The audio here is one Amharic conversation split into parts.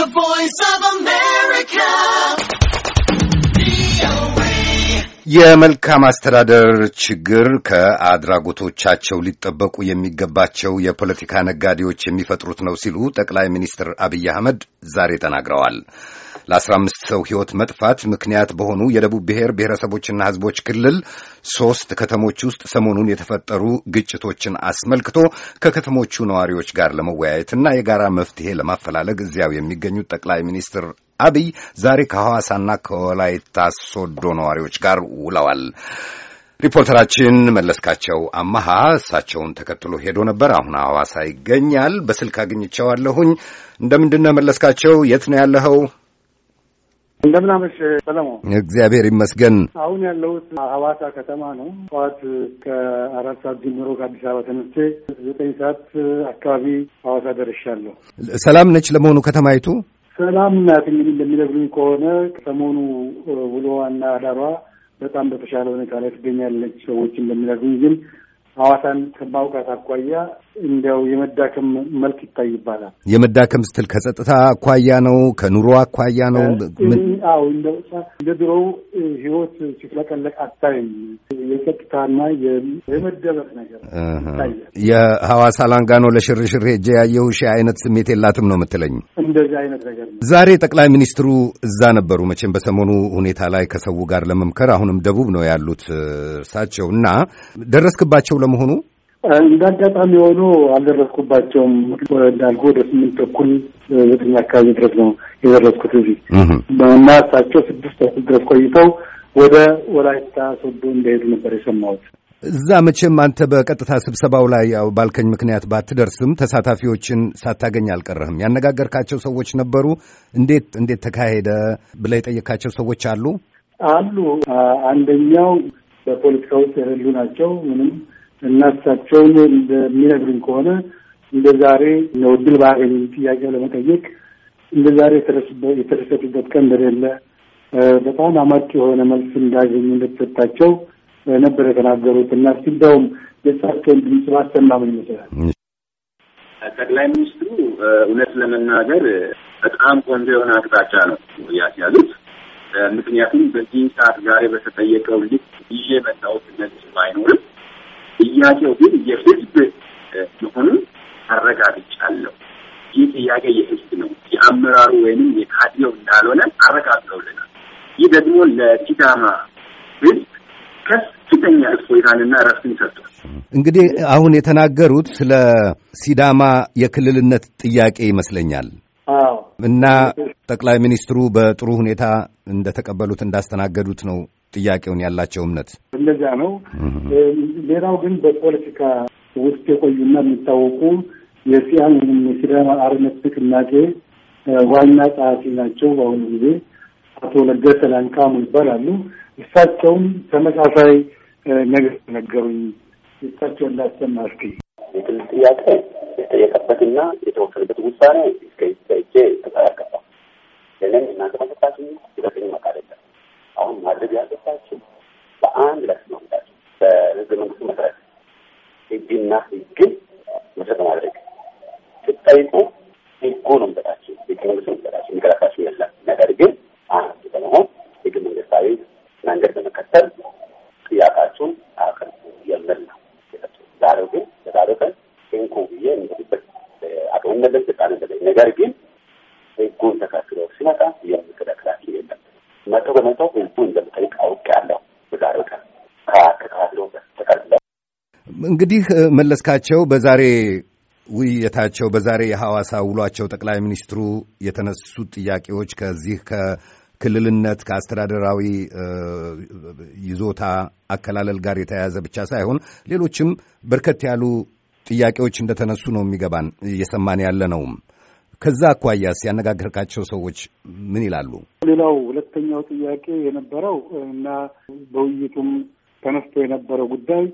The Voice of America. የመልካም አስተዳደር ችግር ከአድራጎቶቻቸው ሊጠበቁ የሚገባቸው የፖለቲካ ነጋዴዎች የሚፈጥሩት ነው ሲሉ ጠቅላይ ሚኒስትር አብይ አህመድ ዛሬ ተናግረዋል። ለ15 ሰው ሕይወት መጥፋት ምክንያት በሆኑ የደቡብ ብሔር ብሔረሰቦችና ሕዝቦች ክልል ሦስት ከተሞች ውስጥ ሰሞኑን የተፈጠሩ ግጭቶችን አስመልክቶ ከከተሞቹ ነዋሪዎች ጋር ለመወያየትና የጋራ መፍትሄ ለማፈላለግ እዚያው የሚገኙት ጠቅላይ ሚኒስትር አብይ ዛሬ ከሐዋሳና ከወላይታ ሶዶ ነዋሪዎች ጋር ውለዋል። ሪፖርተራችን መለስካቸው አማሃ እሳቸውን ተከትሎ ሄዶ ነበር። አሁን ሐዋሳ ይገኛል። በስልክ አግኝቸዋለሁኝ። እንደምንድነው መለስካቸው? የት ነው ያለኸው? እንደምናመሽ ሰለሞን። እግዚአብሔር ይመስገን። አሁን ያለሁት ሀዋሳ ከተማ ነው። ጠዋት ከአራት ሰዓት ጀምሮ ከአዲስ አበባ ተነስቼ ዘጠኝ ሰዓት አካባቢ ሀዋሳ ደርሻለሁ። ሰላም ነች ለመሆኑ ከተማይቱ? ሰላም ናት። እንግዲህ እንደሚነግሩኝ ከሆነ ሰሞኑ ውሎዋና አዳሯ በጣም በተሻለ ሁኔታ ላይ ትገኛለች። ሰዎች እንደሚነግሩኝ ግን ሐዋሳን ከማውቃት አኳያ እንዲያው የመዳከም መልክ ይታይ ይባላል። የመዳከም ስትል ከጸጥታ አኳያ ነው? ከኑሮ አኳያ ነው? አዎ እንደ ድሮው ህይወት ሲፍለቀለቅ አታይም። የጸጥታና የመደበር ነገር ይታያል። የሐዋሳ ላንጋኖ ለሽርሽር ሄጄ ያየሁሽ አይነት ስሜት የላትም ነው የምትለኝ? እንደዚህ አይነት ነገር ነው። ዛሬ ጠቅላይ ሚኒስትሩ እዛ ነበሩ። መቼም በሰሞኑ ሁኔታ ላይ ከሰው ጋር ለመምከር አሁንም ደቡብ ነው ያሉት እርሳቸው እና ደረስክባቸው ለመሆኑ? እንደ አጋጣሚ የሆኑ አልደረስኩባቸውም። እንዳልኩ ወደ ስምንት ተኩል ዘጠኝ አካባቢ ድረስ ነው የደረስኩት እዚህ እና እሳቸው ስድስት ተኩል ድረስ ቆይተው ወደ ወላይታ ሶዶ እንደሄዱ ነበር የሰማሁት። እዛ መቼም አንተ በቀጥታ ስብሰባው ላይ ያው ባልከኝ ምክንያት ባትደርስም ተሳታፊዎችን ሳታገኝ አልቀረህም። ያነጋገርካቸው ሰዎች ነበሩ? እንዴት እንዴት ተካሄደ ብለህ የጠየካቸው ሰዎች አሉ አሉ። አንደኛው በፖለቲካ ውስጥ የሌሉ ናቸው ምንም እናሳቸውን እሳቸውን እንደሚነግሩኝ ከሆነ እንደ ዛሬ ነው እድል ባገኝ ጥያቄው ለመጠየቅ እንደ ዛሬ የተደሰቱበት ቀን እንደሌለ በጣም አማጭ የሆነ መልስ እንዳገኙ እንደተሰጣቸው ነበር የተናገሩት እና ሲንዳውም የእሳቸውን ድምፅ ማሰማም ይመስላል። ጠቅላይ ሚኒስትሩ እውነት ለመናገር በጣም ቆንጆ የሆነ አቅጣጫ ነው ያስያሉት። ምክንያቱም በዚህ ሰዓት ዛሬ በተጠየቀው ልክ ይዤ መጣሁት መልስ ባይኖርም ጥያቄው ግን የህዝብ መሆኑን አረጋግጫለሁ። ይህ ጥያቄ የህዝብ ነው፣ የአመራሩ ወይንም የካድሬው እንዳልሆነ አረጋግጠውልናል። ይህ ደግሞ ለሲዳማ ህዝብ ከፍተኛ እፎይታንና እረፍትን ሰጥቷል። እንግዲህ አሁን የተናገሩት ስለ ሲዳማ የክልልነት ጥያቄ ይመስለኛል እና ጠቅላይ ሚኒስትሩ በጥሩ ሁኔታ እንደተቀበሉት እንዳስተናገዱት ነው ጥያቄውን ያላቸው እምነት እንደዚያ ነው። ሌላው ግን በፖለቲካ ውስጥ የቆዩና የሚታወቁ የሲያን ወይም የሲዳማ አርነት ንቅናቄ ዋና ጸሐፊ ናቸው። በአሁኑ ጊዜ አቶ ለገሰ ላንቃሙ ይባላሉ። እሳቸውም ተመሳሳይ ነገር ነገሩኝ። እሳቸው ላሰማ እስኪ። የክልል ጥያቄ የተጠየቀበትና የተወሰነበት ውሳኔ እስከ ይቼ ተጠያቀባ ለለም እናንተ መሰጣት ይጠቅኝ መቃለለን አሁን ማድረግ ያለባቸው በአንድ ላይ ማምጣት በህገ መንግስቱ መሰረት ህግና ህግን መሰረት ማድረግ ስጠይቁ ህጉ ነው ምጠጣቸው ህገ መንግስቱ ምጠጣቸው የሚከላካቸው የለም። ነገር ግን አንድ በመሆን ህገ መንግስታዊ መንገድ በመከተል ጥያቄያቸውን አቅርቡ የምል ነው። ዛሬው ግን በዛሬው ቀን ንኩ ብዬ የሚሄድበት አቅምመለስ እንግዲህ መለስካቸው በዛሬ ውይይታቸው በዛሬ የሐዋሳ ውሏቸው ጠቅላይ ሚኒስትሩ የተነሱት ጥያቄዎች ከዚህ ከክልልነት ከአስተዳደራዊ ይዞታ አከላለል ጋር የተያያዘ ብቻ ሳይሆን ሌሎችም በርከት ያሉ ጥያቄዎች እንደተነሱ ነው የሚገባን እየሰማን ያለ ነውም። ከዛ አኳያስ ያነጋገርካቸው ሰዎች ምን ይላሉ? ሌላው ሁለተኛው ጥያቄ የነበረው እና በውይይቱም ተነስቶ የነበረው ጉዳይ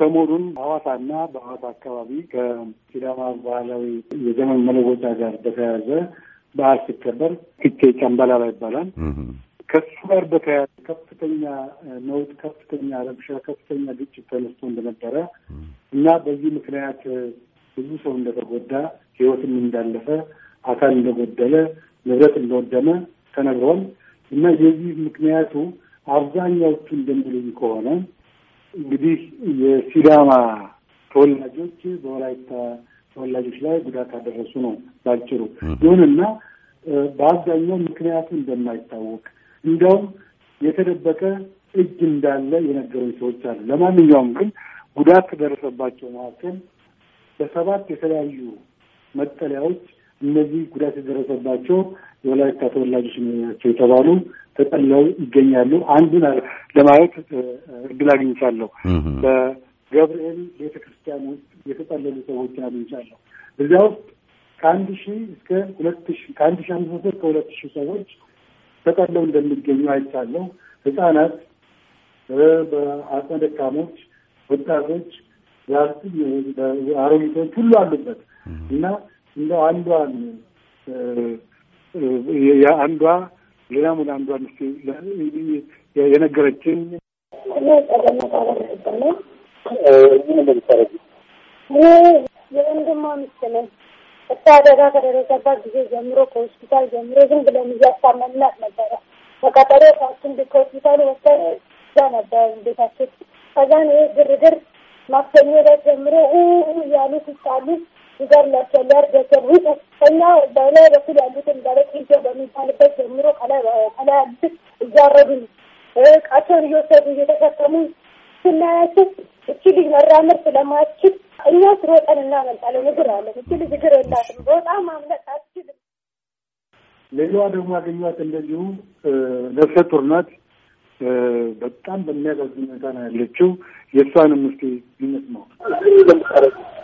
ሰሞኑን ሐዋሳና በሐዋሳ አካባቢ ከሲዳማ ባህላዊ የዘመን መለወጫ ጋር በተያያዘ በዓል ሲከበር ፊቼ ጨምበላላ ይባላል። ከሱ ጋር በተያያዘ ከፍተኛ ነውጥ፣ ከፍተኛ ረብሻ፣ ከፍተኛ ግጭት ተነስቶ እንደነበረ እና በዚህ ምክንያት ብዙ ሰው እንደተጎዳ፣ ህይወትም እንዳለፈ፣ አካል እንደጎደለ፣ ንብረት እንደወደመ ተነግሯል እና የዚህ ምክንያቱ አብዛኛዎቹ እንደሚሉኝ ከሆነ እንግዲህ የሲዳማ ተወላጆች በወላይታ ተወላጆች ላይ ጉዳት አደረሱ ነው ባጭሩ። ይሁንና በአብዛኛው ምክንያቱ እንደማይታወቅ እንዲያውም የተደበቀ እጅ እንዳለ የነገሩኝ ሰዎች አሉ። ለማንኛውም ግን ጉዳት ከደረሰባቸው መካከል በሰባት የተለያዩ መጠለያዎች እነዚህ ጉዳት የደረሰባቸው የወላይታ ተወላጆች ናቸው የተባሉ ተጠለው ይገኛሉ። አንዱን ለማየት እድል አግኝቻለሁ። በገብርኤል ቤተ ክርስቲያን ውስጥ የተጠለሉ ሰዎችን አግኝቻለሁ። እዚያ ውስጥ ከአንድ ሺ እስከ ሁለት ሺ ከአንድ ሺ አምስት መቶ ሁለት ሺ ሰዎች ተጠለው እንደሚገኙ አይቻለሁ። ህጻናት፣ በአቅመ ደካሞች፣ ወጣቶች፣ አሮጊቶች ሁሉ አሉበት እና እንደው አንዷን የአንዷ ሌላ ሙን አንዷ ስ የነገረችን የወንድሟ ሚስት ነኝ። እሷ አደጋ ከደረሰባት ጊዜ ጀምሮ ከሆስፒታል ጀምሮ ዝም ብለን እያሳመምናት ነበረ። በቀጠሮ ሳችን ከሆስፒታሉ ወሰደ እዛ ነበር ቤታችን። ከዛን ይህ ግርግር ማክሰኞ ዕለት ጀምሮ እያሉ ሲጣሉ ይገርማቸዋል። ያርዳቸው ውጡ እና በላይ በኩል ያሉትን ደረቅ ሂጆ በሚባልበት ጀምሮ ከላይ አዲስ እያረዱ ቃቸውን እየወሰዱ እየተሸከሙ ስናያቸው እቺ ልጅ መራመድ ስለማትችል እኛ ስሮጠን እናመልጣለን። እግር አለን እቺ ልጅ እግር የላትም። በጣም ማምለጥ አትችልም። ሌላዋ ደግሞ ያገኟት እንደዚሁ ነፍሰ ጡር ናት። በጣም በሚያሳዝን ሁኔታ ነው ያለችው። የእሷንም ይነት ነው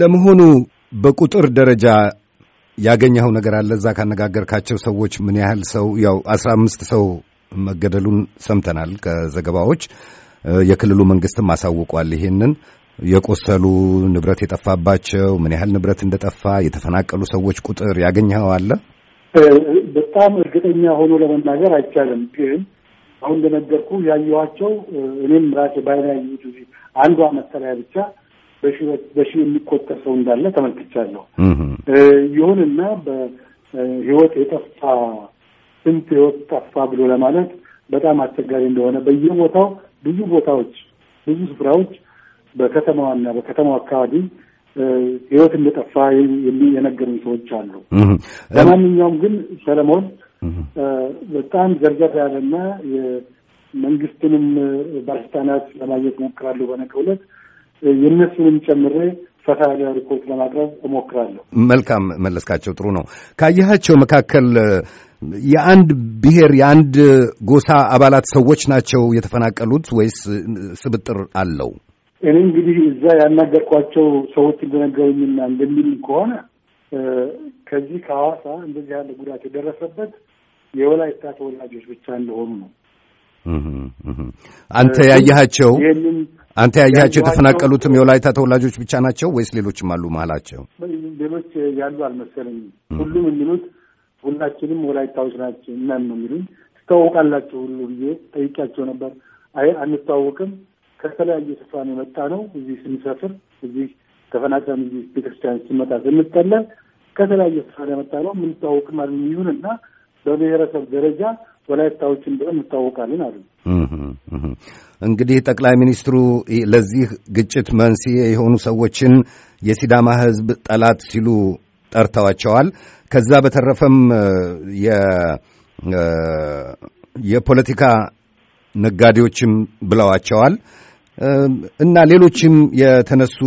ለመሆኑ በቁጥር ደረጃ ያገኘኸው ነገር አለ? እዛ ካነጋገርካቸው ሰዎች ምን ያህል ሰው ያው አስራ አምስት ሰው መገደሉን ሰምተናል ከዘገባዎች። የክልሉ መንግስትም አሳውቋል ይሄንን የቆሰሉ ንብረት የጠፋባቸው ምን ያህል ንብረት እንደጠፋ የተፈናቀሉ ሰዎች ቁጥር ያገኘኸው አለ? በጣም እርግጠኛ ሆኖ ለመናገር አይቻልም። ግን አሁን እንደነገርኩ ያየኋቸው እኔም ራሴ ባይና ያየሁት አንዷ መሰለያ ብቻ በሺ የሚቆጠር ሰው እንዳለ ተመልክቻለሁ። ይሁንና በህይወት የጠፋ ስንት ህይወት ጠፋ ብሎ ለማለት በጣም አስቸጋሪ እንደሆነ በየቦታው ብዙ ቦታዎች ብዙ ስፍራዎች በከተማዋና በከተማው አካባቢ ህይወት እንደጠፋ የነገሩን ሰዎች አሉ። ለማንኛውም ግን ሰለሞን በጣም ዘርዘር ያለና የመንግስትንም ባለስልጣናት ለማግኘት እሞክራለሁ በነገ ዕለት የእነሱንም ጨምሬ ፈታ ያለ ሪፖርት ለማቅረብ እሞክራለሁ። መልካም መለስካቸው፣ ጥሩ ነው። ካየሃቸው መካከል የአንድ ብሔር የአንድ ጎሳ አባላት ሰዎች ናቸው የተፈናቀሉት ወይስ ስብጥር አለው? እኔ እንግዲህ እዛ ያናገርኳቸው ሰዎች እንደነገሩኝና እንደሚሉኝ ከሆነ ከዚህ ከሐዋሳ እንደዚህ ያለ ጉዳት የደረሰበት የወላይታ ተወላጆች ብቻ እንደሆኑ ነው። አንተ ያየሃቸው ይህንን አንተ ያያቸው የተፈናቀሉትም የወላይታ ተወላጆች ብቻ ናቸው ወይስ ሌሎችም አሉ? መሀላቸው ሌሎች ያሉ አልመሰለኝም። ሁሉም የሚሉት ሁላችንም ወላይታዎች ናቸው እናን ነው የሚሉኝ። ትታወቃላችሁ ሁሉ ብዬ ጠይቂያቸው ነበር። አይ አንታወቅም፣ ከተለያየ ስፍራ ነው የመጣ ነው። እዚህ ስንሰፍር እዚህ ተፈናቅለን እዚህ ቤተክርስቲያን ስንመጣ ስንጠለል ከተለያየ ስፍራ ነው የመጣ ነው። የምንታወቅም አሉ ይሁን እና በብሔረሰብ ደረጃ ወላይታዎች እንደሆን አሉ። እንግዲህ ጠቅላይ ሚኒስትሩ ለዚህ ግጭት መንስኤ የሆኑ ሰዎችን የሲዳማ ሕዝብ ጠላት ሲሉ ጠርተዋቸዋል። ከዛ በተረፈም የፖለቲካ ነጋዴዎችም ብለዋቸዋል። እና ሌሎችም የተነሱ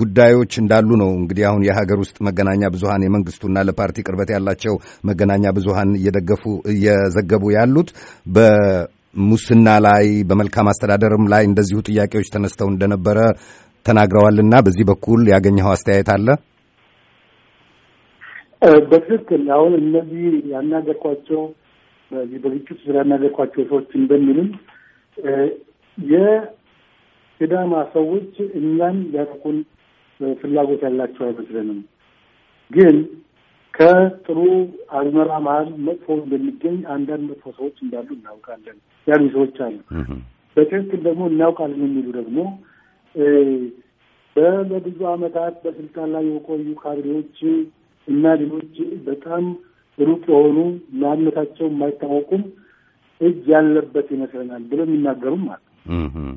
ጉዳዮች እንዳሉ ነው እንግዲህ አሁን የሀገር ውስጥ መገናኛ ብዙሃን የመንግስቱና ለፓርቲ ቅርበት ያላቸው መገናኛ ብዙሃን እየደገፉ እየዘገቡ ያሉት በሙስና ላይ በመልካም አስተዳደርም ላይ እንደዚሁ ጥያቄዎች ተነስተው እንደነበረ ተናግረዋልና በዚህ በኩል ያገኘኸው አስተያየት አለ? በትክክል አሁን እነዚህ ያናገርኳቸው በዚህ በግጭት ዙሪያ ያናገርኳቸው ሰዎች እንደሚሉም ሲዳማ ሰዎች እኛን ሊያጠቁን ፍላጎት ያላቸው አይመስለንም። ግን ከጥሩ አዝመራ መሀል መጥፎ እንደሚገኝ አንዳንድ መጥፎ ሰዎች እንዳሉ እናውቃለን ያሉ ሰዎች አሉ። በትክክል ደግሞ እናውቃለን የሚሉ ደግሞ በብዙ ዓመታት በስልጣን ላይ የቆዩ ካድሬዎች እና ሌሎች በጣም ሩቅ የሆኑ ማንነታቸው የማይታወቁም እጅ ያለበት ይመስለናል ብሎ የሚናገሩም አሉ።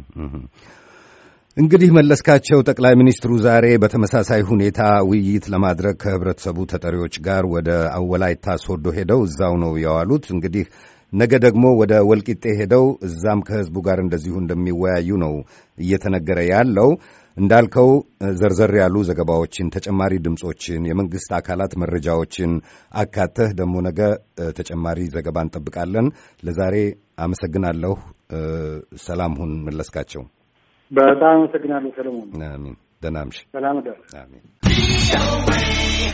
እንግዲህ መለስካቸው፣ ጠቅላይ ሚኒስትሩ ዛሬ በተመሳሳይ ሁኔታ ውይይት ለማድረግ ከህብረተሰቡ ተጠሪዎች ጋር ወደ ወላይታ ሶዶ ሄደው እዛው ነው የዋሉት። እንግዲህ ነገ ደግሞ ወደ ወልቂጤ ሄደው እዛም ከህዝቡ ጋር እንደዚሁ እንደሚወያዩ ነው እየተነገረ ያለው። እንዳልከው ዘርዘር ያሉ ዘገባዎችን፣ ተጨማሪ ድምፆችን፣ የመንግስት አካላት መረጃዎችን አካተህ ደግሞ ነገ ተጨማሪ ዘገባ እንጠብቃለን። ለዛሬ አመሰግናለሁ። ሰላም ሁን መለስካቸው። በጣም አመሰግናለሁ ሰለሞን። አሜን። ደህና እምሽ። ሰላም ደር። አሜን።